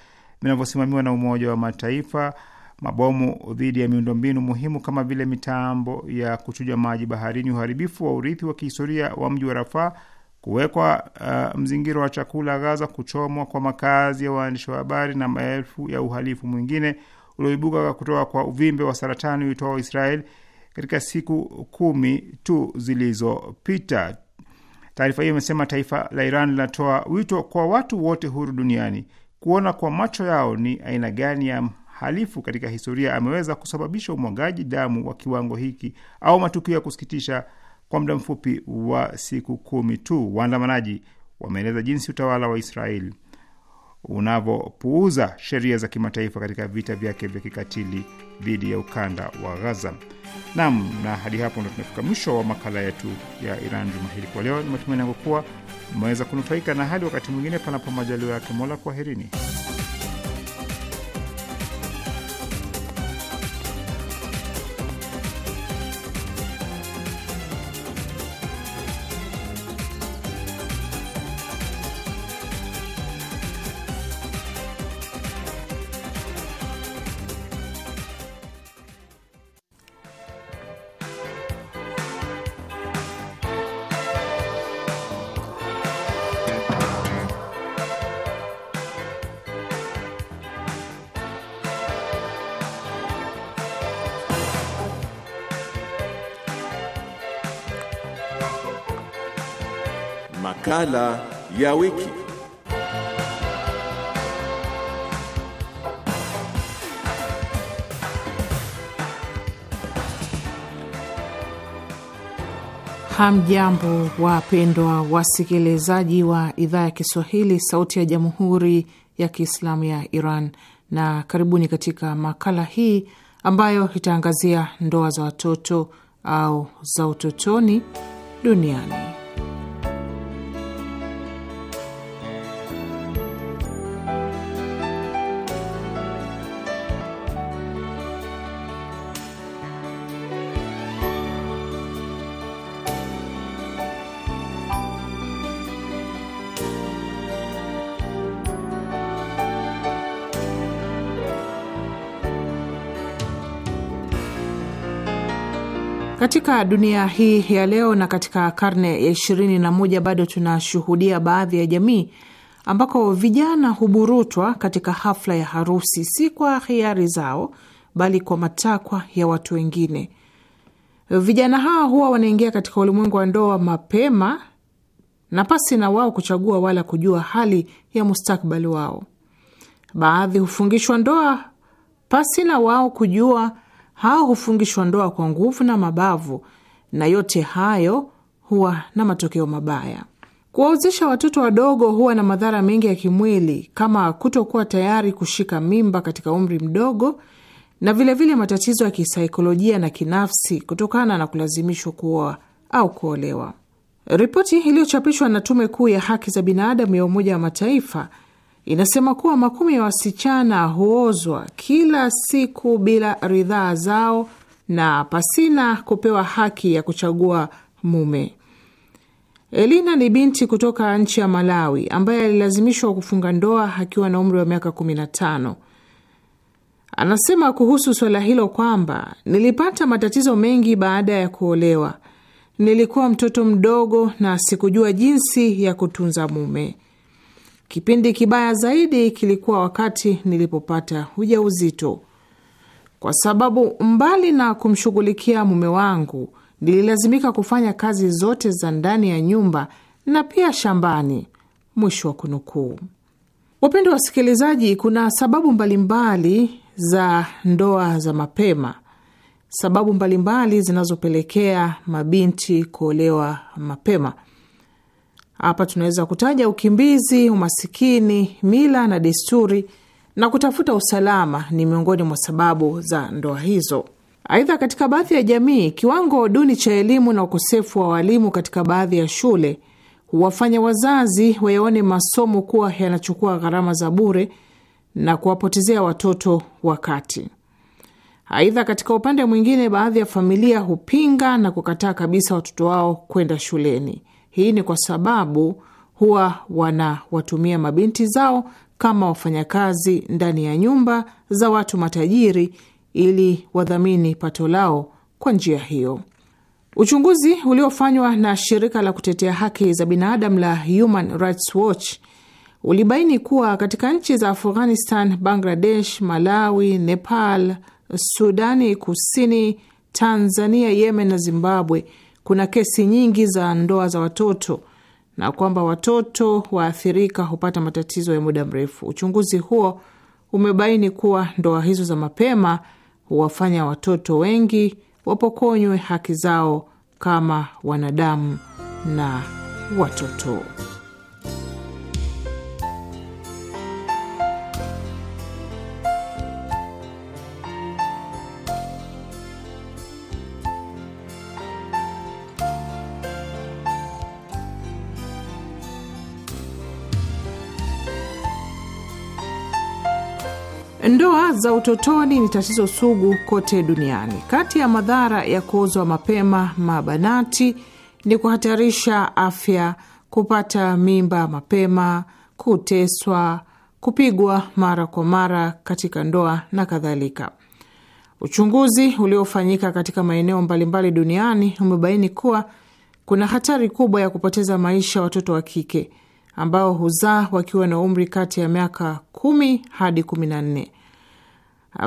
vinavyosimamiwa na Umoja wa Mataifa mabomu dhidi ya miundombinu muhimu kama vile mitambo ya kuchuja maji baharini, uharibifu wa urithi wa kihistoria wa mji wa Rafaa, kuwekwa uh, mzingiro wa chakula Gaza, kuchomwa kwa makazi ya waandishi wa habari na maelfu ya uhalifu mwingine ulioibuka kutoka kwa uvimbe wa saratani uitoa Israel katika siku kumi tu zilizopita. Taarifa hiyo imesema taifa la Iran linatoa wito kwa watu wote huru duniani kuona kwa macho yao ni aina gani ya halifu katika historia ameweza kusababisha umwagaji damu wa kiwango hiki au matukio ya kusikitisha kwa muda mfupi wa siku kumi tu. Waandamanaji wameeleza jinsi utawala wa Israeli unavyopuuza sheria za kimataifa katika vita vyake vya kikatili dhidi ya ukanda wa Gaza. Naam, na hadi hapo ndo tunafika mwisho wa makala yetu ya Iran juma hili kwa leo. Ni matumaini yangu kuwa umeweza kunufaika, na hadi wakati mwingine, panapo majaliwa yake Mola, kwaherini. Makala ya wiki. Hamjambo, wapendwa wasikilizaji wa idhaa ya Kiswahili, Sauti ya Jamhuri ya Kiislamu ya Iran, na karibuni katika makala hii ambayo itaangazia ndoa za watoto au za utotoni duniani. Katika dunia hii ya leo na katika karne ya ishirini na moja bado tunashuhudia baadhi ya jamii ambako vijana huburutwa katika hafla ya harusi, si kwa hiari zao, bali kwa matakwa ya watu wengine. Vijana hawa huwa wanaingia katika ulimwengu wa ndoa mapema na pasi na wao kuchagua wala kujua hali ya mustakbali wao. Baadhi hufungishwa ndoa pasi na wao kujua hao hufungishwa ndoa kwa nguvu na mabavu, na yote hayo huwa na matokeo mabaya. Kuwaozesha watoto wadogo huwa na madhara mengi ya kimwili kama kutokuwa tayari kushika mimba katika umri mdogo, na vilevile vile matatizo ya kisaikolojia na kinafsi kutokana na kulazimishwa kuoa au kuolewa. Ripoti iliyochapishwa na Tume Kuu ya Haki za Binadamu ya Umoja wa Mataifa inasema kuwa makumi ya wasichana huozwa kila siku bila ridhaa zao na pasina kupewa haki ya kuchagua mume. Elina ni binti kutoka nchi ya Malawi ambaye alilazimishwa kufunga ndoa akiwa na umri wa miaka 15. Anasema kuhusu swala hilo kwamba nilipata matatizo mengi baada ya kuolewa. Nilikuwa mtoto mdogo na sikujua jinsi ya kutunza mume. Kipindi kibaya zaidi kilikuwa wakati nilipopata ujauzito, kwa sababu mbali na kumshughulikia mume wangu, nililazimika kufanya kazi zote za ndani ya nyumba na pia shambani. Mwisho wa kunukuu. Wapendwa wasikilizaji, kuna sababu mbalimbali mbali za ndoa za mapema, sababu mbalimbali zinazopelekea mabinti kuolewa mapema. Hapa tunaweza kutaja ukimbizi, umasikini, mila na desturi na kutafuta usalama ni miongoni mwa sababu za ndoa hizo. Aidha, katika baadhi ya jamii, kiwango duni cha elimu na ukosefu wa walimu katika baadhi ya shule huwafanya wazazi wayaone masomo kuwa yanachukua gharama za bure na kuwapotezea watoto wakati. Aidha, katika upande mwingine, baadhi ya familia hupinga na kukataa kabisa watoto wao kwenda shuleni. Hii ni kwa sababu huwa wanawatumia mabinti zao kama wafanyakazi ndani ya nyumba za watu matajiri ili wadhamini pato lao kwa njia hiyo. Uchunguzi uliofanywa na shirika la kutetea haki za binadamu la Human Rights Watch ulibaini kuwa katika nchi za Afghanistan, Bangladesh, Malawi, Nepal, Sudani Kusini, Tanzania, Yemen na Zimbabwe kuna kesi nyingi za ndoa za watoto na kwamba watoto waathirika hupata matatizo ya muda mrefu. Uchunguzi huo umebaini kuwa ndoa hizo za mapema huwafanya watoto wengi wapokonywe haki zao kama wanadamu na watoto. Ndoa za utotoni ni tatizo sugu kote duniani. Kati ya madhara ya kuozwa mapema mabanati ni kuhatarisha afya, kupata mimba mapema, kuteswa, kupigwa mara kwa mara katika ndoa na kadhalika. Uchunguzi uliofanyika katika maeneo mbalimbali duniani umebaini kuwa kuna hatari kubwa ya kupoteza maisha watoto wa kike ambao huzaa wakiwa na umri kati ya miaka kumi hadi kumi na nne.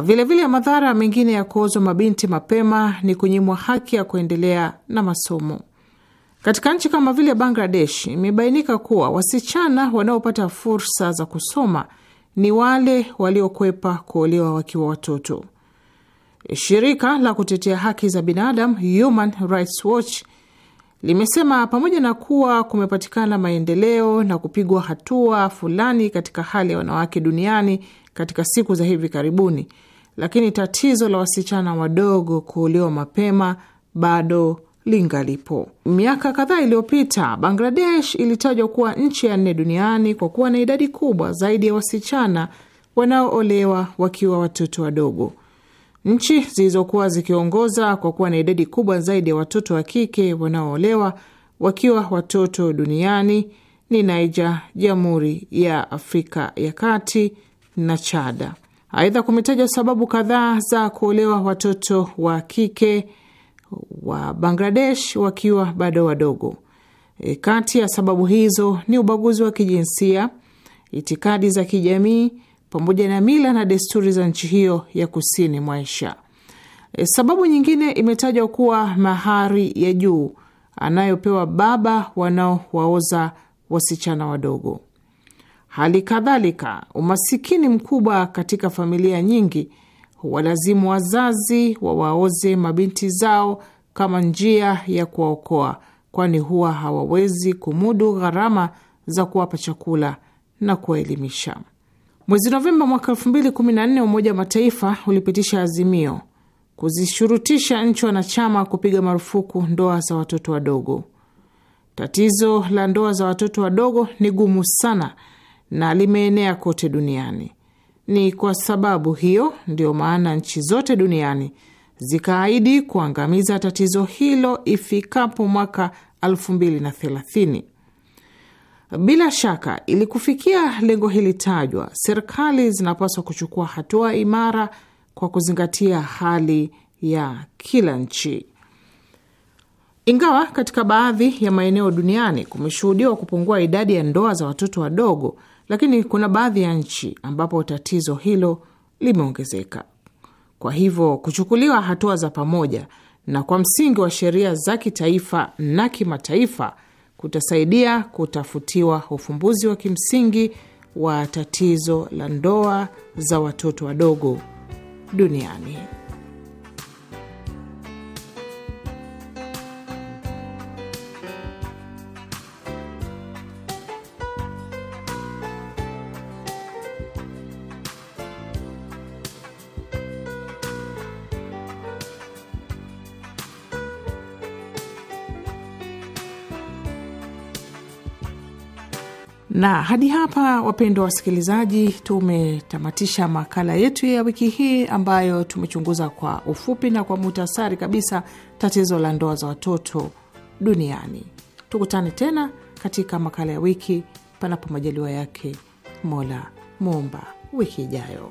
Vilevile, madhara mengine ya kuozwa mabinti mapema ni kunyimwa haki ya kuendelea na masomo. Katika nchi kama vile Bangladesh imebainika kuwa wasichana wanaopata fursa za kusoma ni wale waliokwepa kuolewa wakiwa watoto. Shirika la kutetea haki za binadamu Human Rights Watch limesema pamoja na kuwa kumepatikana maendeleo na kupigwa hatua fulani katika hali ya wanawake duniani katika siku za hivi karibuni, lakini tatizo la wasichana wadogo kuolewa mapema bado lingalipo. Miaka kadhaa iliyopita, Bangladesh ilitajwa kuwa nchi ya nne duniani kwa kuwa na idadi kubwa zaidi ya wasichana wanaoolewa wakiwa watoto wadogo. Nchi zilizokuwa zikiongoza kwa kuwa na idadi kubwa zaidi ya watoto wa kike wanaoolewa wakiwa watoto duniani ni Niger, Jamhuri ya Afrika ya Kati na Chada. Aidha, kumetaja sababu kadhaa za kuolewa watoto wa kike wa Bangladesh wakiwa bado wadogo. E, kati ya sababu hizo ni ubaguzi wa kijinsia, itikadi za kijamii pamoja na mila na desturi za nchi hiyo ya kusini mwa Asia. E, sababu nyingine imetajwa kuwa mahari ya juu anayopewa baba wanaowaoza wasichana wadogo. Hali kadhalika umasikini mkubwa katika familia nyingi huwalazimu wazazi wawaoze mabinti zao kama njia ya kuwaokoa, kwani huwa hawawezi kumudu gharama za kuwapa chakula na kuwaelimisha. Mwezi Novemba mwaka nne Umoja wa Mataifa ulipitisha azimio kuzishurutisha nchi wanachama kupiga marufuku ndoa za watoto wadogo. Tatizo la ndoa za watoto wadogo ni gumu sana na limeenea kote duniani. Ni kwa sababu hiyo ndiyo maana nchi zote duniani zikaahidi kuangamiza tatizo hilo ifikapo mwaka 2030. Bila shaka ili kufikia lengo hili tajwa, serikali zinapaswa kuchukua hatua imara kwa kuzingatia hali ya kila nchi. Ingawa katika baadhi ya maeneo duniani kumeshuhudiwa kupungua idadi ya ndoa za watoto wadogo, lakini kuna baadhi ya nchi ambapo tatizo hilo limeongezeka. Kwa hivyo kuchukuliwa hatua za pamoja na kwa msingi wa sheria za kitaifa na kimataifa kutasaidia kutafutiwa ufumbuzi wa kimsingi wa tatizo la ndoa za watoto wadogo duniani. na hadi hapa, wapendwa wasikilizaji, tumetamatisha makala yetu ya wiki hii ambayo tumechunguza kwa ufupi na kwa muhtasari kabisa tatizo la ndoa za watoto duniani. Tukutane tena katika makala ya wiki, panapo majaliwa yake Mola Muumba, wiki ijayo.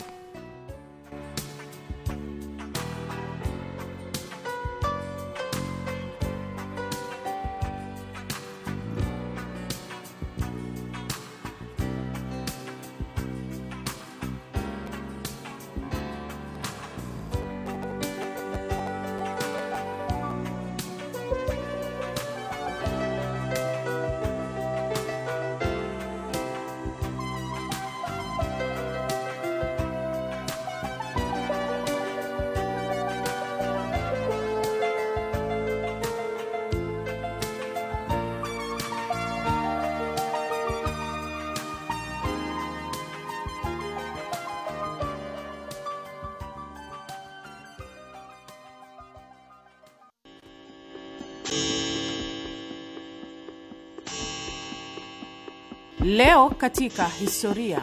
Leo katika historia.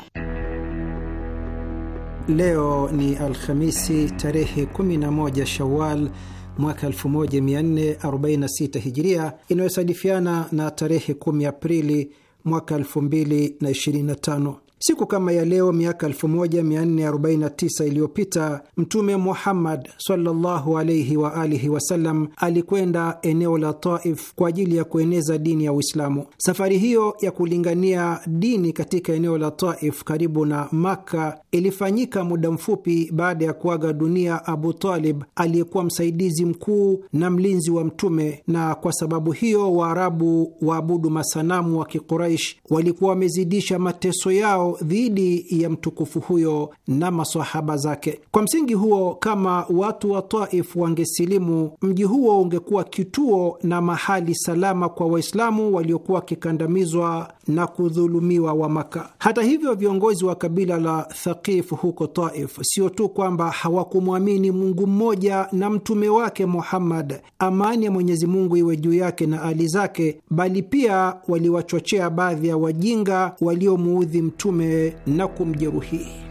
Leo ni Alhamisi tarehe 11 Shawal mwaka 1446 Hijiria, inayosadifiana na tarehe 10 Aprili mwaka 2025. Siku kama ya leo miaka 1449 iliyopita Mtume Muhammad sallallahu alaihi wa alihi wasallam alikwenda eneo la Taif kwa ajili ya kueneza dini ya Uislamu. Safari hiyo ya kulingania dini katika eneo la Taif karibu na Makka ilifanyika muda mfupi baada ya kuaga dunia Abu Talib aliyekuwa msaidizi mkuu na mlinzi wa Mtume, na kwa sababu hiyo Waarabu waabudu masanamu wa Kiquraish walikuwa wamezidisha mateso yao zao dhidi ya mtukufu huyo na masahaba zake. Kwa msingi huo, kama watu wa Taif wangesilimu, mji huo ungekuwa kituo na mahali salama kwa Waislamu waliokuwa wakikandamizwa na kudhulumiwa wa Maka. Hata hivyo, viongozi wa kabila la Thaqif huko Taif sio tu kwamba hawakumwamini Mungu mmoja na mtume wake Muhammad, amani ya Mwenyezi Mungu iwe juu yake na ali zake, bali pia waliwachochea baadhi ya wajinga waliomuudhi mtume na kumjeruhi.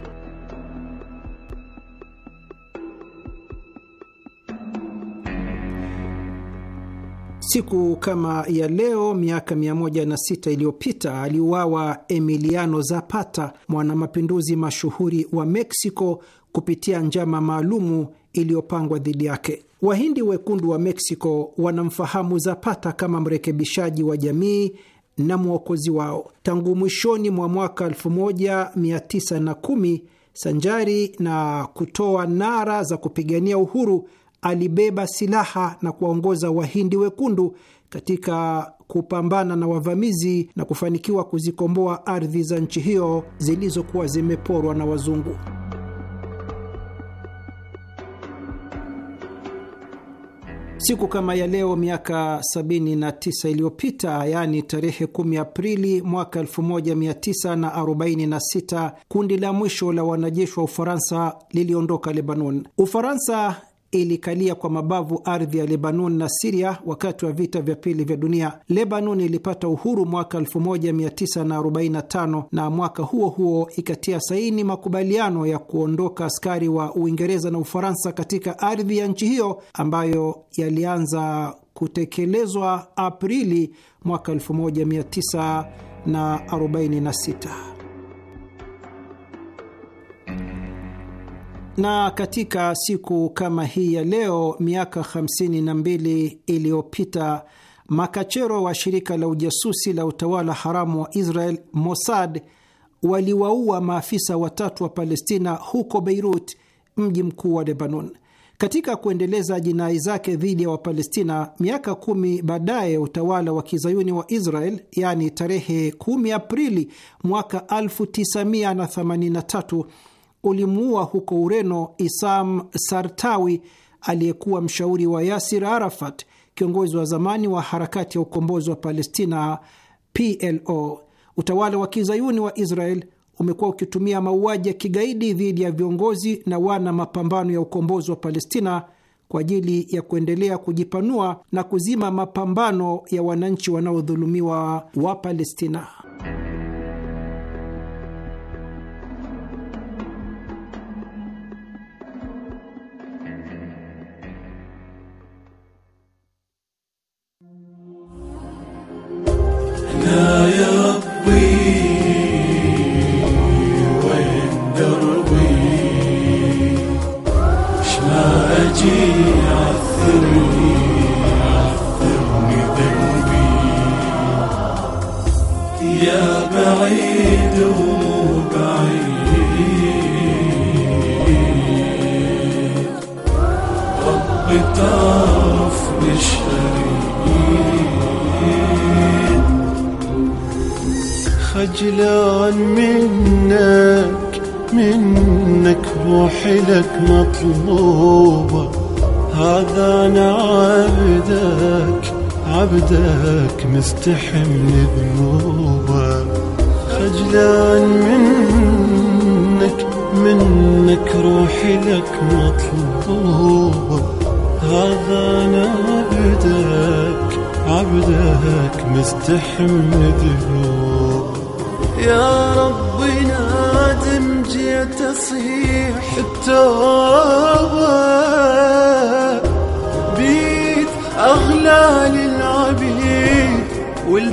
Siku kama ya leo miaka 106 iliyopita aliuawa Emiliano Zapata, mwanamapinduzi mashuhuri wa Meksiko, kupitia njama maalumu iliyopangwa dhidi yake. Wahindi wekundu wa Meksiko wanamfahamu Zapata kama mrekebishaji wa jamii na mwokozi wao. Tangu mwishoni mwa mwaka 1910 sanjari na kutoa nara za kupigania uhuru alibeba silaha na kuwaongoza Wahindi wekundu katika kupambana na wavamizi na kufanikiwa kuzikomboa ardhi za nchi hiyo zilizokuwa zimeporwa na wazungu. Siku kama ya leo miaka 79 iliyopita, yaani tarehe 10 Aprili mwaka 1946, kundi la mwisho la wanajeshi wa Ufaransa liliondoka Lebanon. Ufaransa ilikalia kwa mabavu ardhi ya Lebanon na Siria wakati wa vita vya pili vya dunia. Lebanon ilipata uhuru mwaka 1945 na mwaka huo huo ikatia saini makubaliano ya kuondoka askari wa Uingereza na Ufaransa katika ardhi ya nchi hiyo ambayo yalianza kutekelezwa Aprili mwaka 1946. na katika siku kama hii ya leo miaka 52 iliyopita makachero wa shirika la ujasusi la utawala haramu wa Israel Mossad waliwaua maafisa watatu wa Palestina huko Beirut, mji mkuu wa Lebanon. Katika kuendeleza jinai zake dhidi ya Wapalestina, miaka kumi baadaye utawala wa kizayuni wa Israel, yaani tarehe 10 Aprili mwaka 1983 ulimuua huko Ureno Isam Sartawi aliyekuwa mshauri wa Yasir Arafat, kiongozi wa zamani wa harakati ya ukombozi wa Palestina PLO. Utawala wa kizayuni wa Israel umekuwa ukitumia mauaji ya kigaidi dhidi ya viongozi na wana mapambano ya ukombozi wa Palestina kwa ajili ya kuendelea kujipanua na kuzima mapambano ya wananchi wanaodhulumiwa wa Palestina.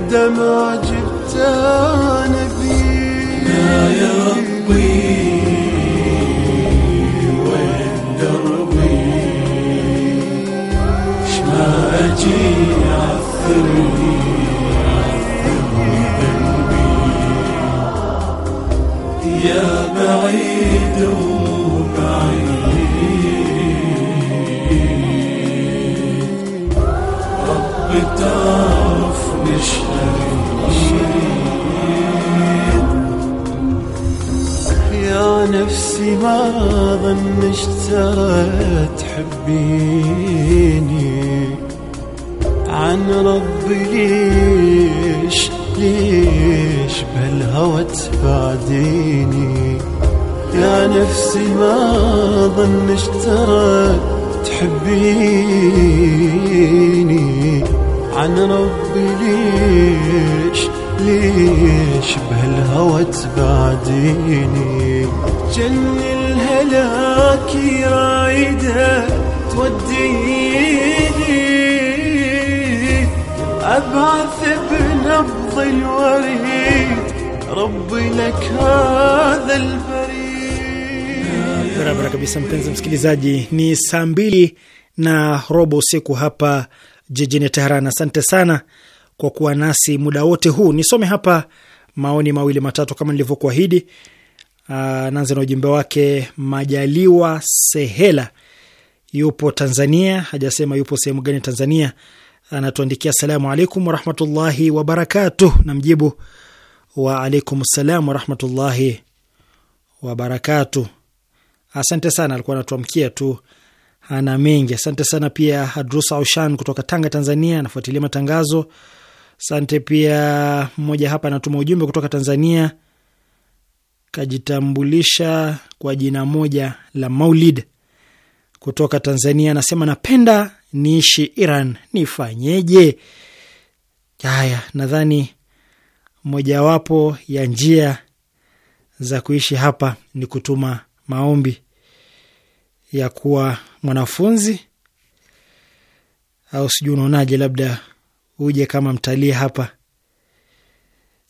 انت جبت نبي يا ربي وين دربي ما اجي عثرني عثرني ذنبي يا بعيد نفسي ما ظنش ترى تحبيني عن ربي ليش ليش بهالهوى تبعديني يا نفسي ما ظنش ترى تحبيني عن ربي ليش ليش بهالهوى تبعديني جن الهلاك رايدة توديني أبعث بنبض الوريد ربي لك هذا البريد barabara kabisa, mpenzi msikilizaji, ni ني mbili نا روبو سيكو هابا jijini تهران سانتي سانا kwa kuwa nasi muda wote huu. Nisome hapa maoni mawili matatu kama nilivyokuahidi. Ah, Naanza na ujumbe wake Majaliwa Sehela, yupo Tanzania, hajasema yupo sehemu gani Tanzania. Anatuandikia salamu alaikum warahmatullahi wabarakatuh, na mjibu wa alaikum salam warahmatullahi wabarakatuh. Asante sana, alikuwa anatuamkia tu, ana mengi. Asante sana pia Adrusa Aushan kutoka Tanga, Tanzania, anafuatilia matangazo. Asante pia mmoja hapa anatuma ujumbe kutoka Tanzania kajitambulisha kwa jina moja la Maulid kutoka Tanzania, anasema napenda niishi Iran, nifanyeje? Haya, nadhani mojawapo ya njia za kuishi hapa ni kutuma maombi ya kuwa mwanafunzi au sijui unaonaje, labda uje kama mtalii hapa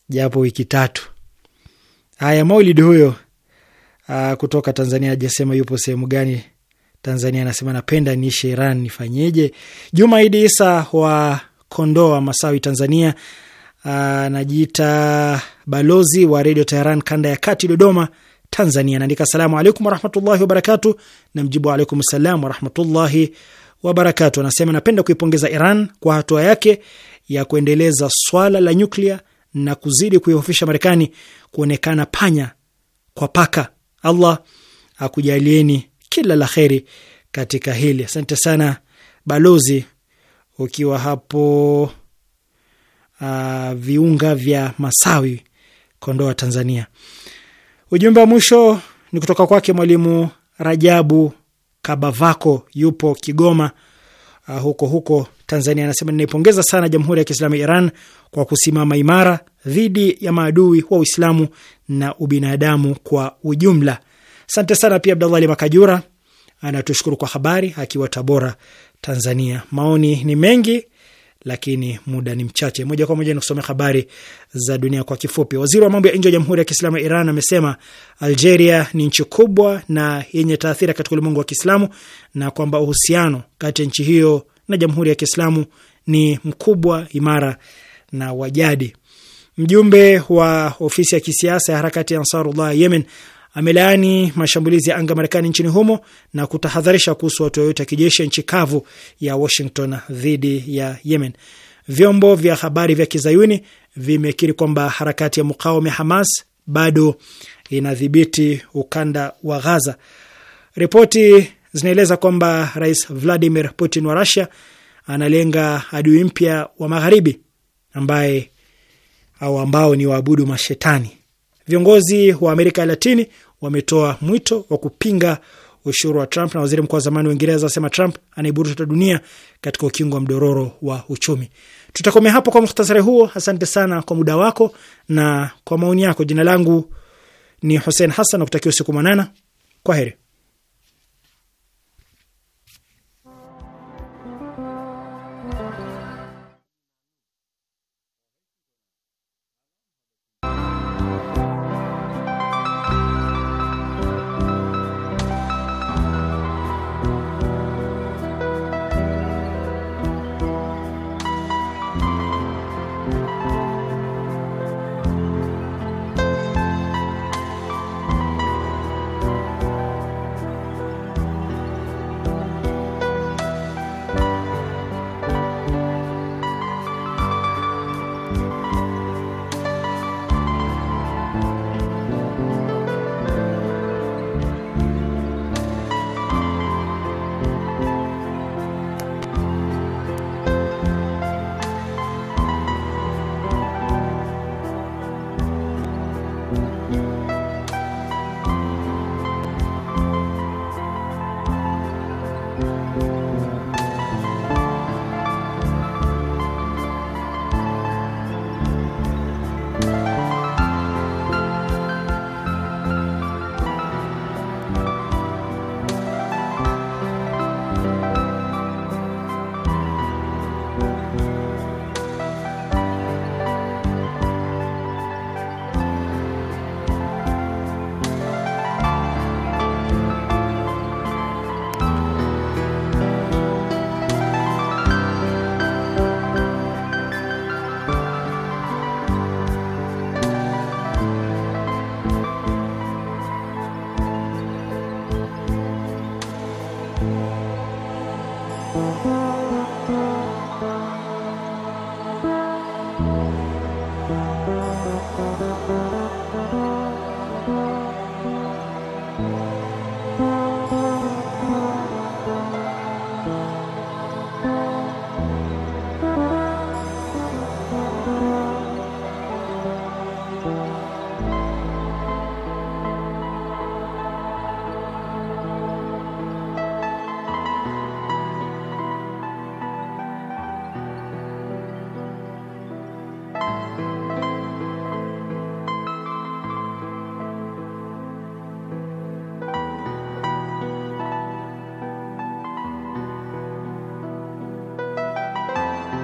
japo wiki tatu. Haya, Maulid huyo aa, ah, kutoka Tanzania ajasema yupo sehemu gani Tanzania, anasema napenda niishi Iran, nifanyeje? Juma Idi Isa wa Kondoa Masawi, Tanzania, ah, anajiita balozi wa Redio Teheran kanda ya kati, Dodoma, Tanzania, naandika salamu alaikum warahmatullahi wabarakatu, na mjibu alaikum salam warahmatullahi wabarakatu. Anasema napenda kuipongeza Iran kwa hatua yake ya kuendeleza swala la nyuklia na kuzidi kuihofisha Marekani kuonekana panya kwa paka. Allah akujalieni kila la kheri katika hili. Asante sana balozi, ukiwa hapo uh, viunga vya Masawi, Kondoa, Tanzania. Ujumbe wa mwisho ni kutoka kwake mwalimu Rajabu Kabavako, yupo Kigoma uh, huko huko Tanzania. Anasema ninaipongeza sana Jamhuri ya Kiislamu ya Iran kwa kusimama imara dhidi ya maadui wa Uislamu na ubinadamu kwa ujumla. Asante sana pia. Abdallah Ali Makajura anatushukuru kwa habari akiwa Tabora, Tanzania. Maoni ni mengi lakini muda ni mchache. Moja kwa moja ni kusomea habari za dunia kwa kifupi. Waziri wa mambo ya nje wa Jamhuri ya Kiislamu ya Iran amesema Algeria ni nchi kubwa na yenye taathira katika ulimwengu wa Kiislamu na kwamba uhusiano kati ya nchi hiyo na Jamhuri ya Kiislamu ni mkubwa, imara na wajadi. Mjumbe wa ofisi ya kisiasa ya harakati ya Ansarullah Yemen amelaani mashambulizi ya anga Marekani nchini humo na kutahadharisha kuhusu watu yoyote ya kijeshi ya nchi kavu ya Washington dhidi ya Yemen. Vyombo vya habari vya kizayuni vimekiri kwamba harakati ya mukawama Hamas bado inadhibiti ukanda wa Ghaza. Ripoti zinaeleza kwamba Rais Vladimir Putin wa Rusia analenga adui mpya wa Magharibi ambaye au ambao ni waabudu mashetani. Viongozi wa Amerika ya Latini wametoa mwito wa kupinga ushuru wa Trump na waziri mkuu wa zamani wa Uingereza asema Trump anaiburuta dunia katika ukingo wa mdororo wa uchumi. Tutakomea hapo kwa muhtasari huo. Asante sana kwa muda wako na kwa maoni yako. Jina langu ni Hussein Hassan na kutakia usiku mwanana. Kwa heri.